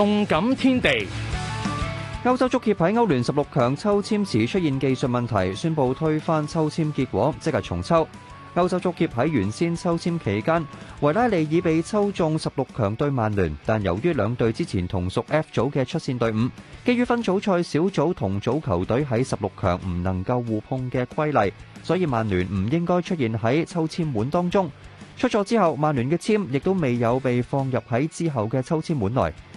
動感天地。歐洲足協喺歐聯十六強抽籤時出現技術問題，宣布推翻抽籤結果，即係重抽。歐洲足協喺原先抽籤期間，維拉利已被抽中十六強對曼聯，但由於兩隊之前同屬 F 組嘅出線隊伍，基於分組賽小組同組球隊喺十六強唔能夠互碰嘅規例，所以曼聯唔應該出現喺抽籤碗當中。出錯之後，曼聯嘅籤亦都未有被放入喺之後嘅抽籤碗內。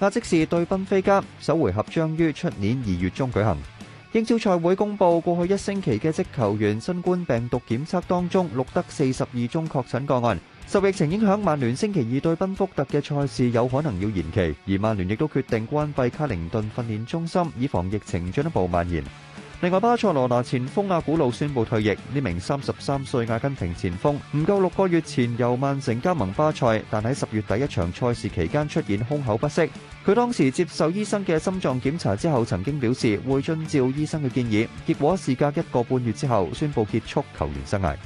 阿積士對賓菲加，首回合將於出年二月中舉行。英超賽會公布過去一星期嘅職球員新冠病毒檢測當中錄得四十二宗確診個案。受疫情影響，曼聯星期二對賓福特嘅賽事有可能要延期，而曼聯亦都決定關閉卡靈頓訓練中心，以防疫情進一步蔓延。另外，巴塞羅那前鋒阿古路宣布退役。呢名三十三歲阿根廷前鋒唔夠六個月前由曼城加盟巴塞，但喺十月第一場賽事期間出現胸口不適。佢當時接受醫生嘅心臟檢查之後，曾經表示會遵照醫生嘅建議。結果事隔一個半月之後，宣布結束球員生涯。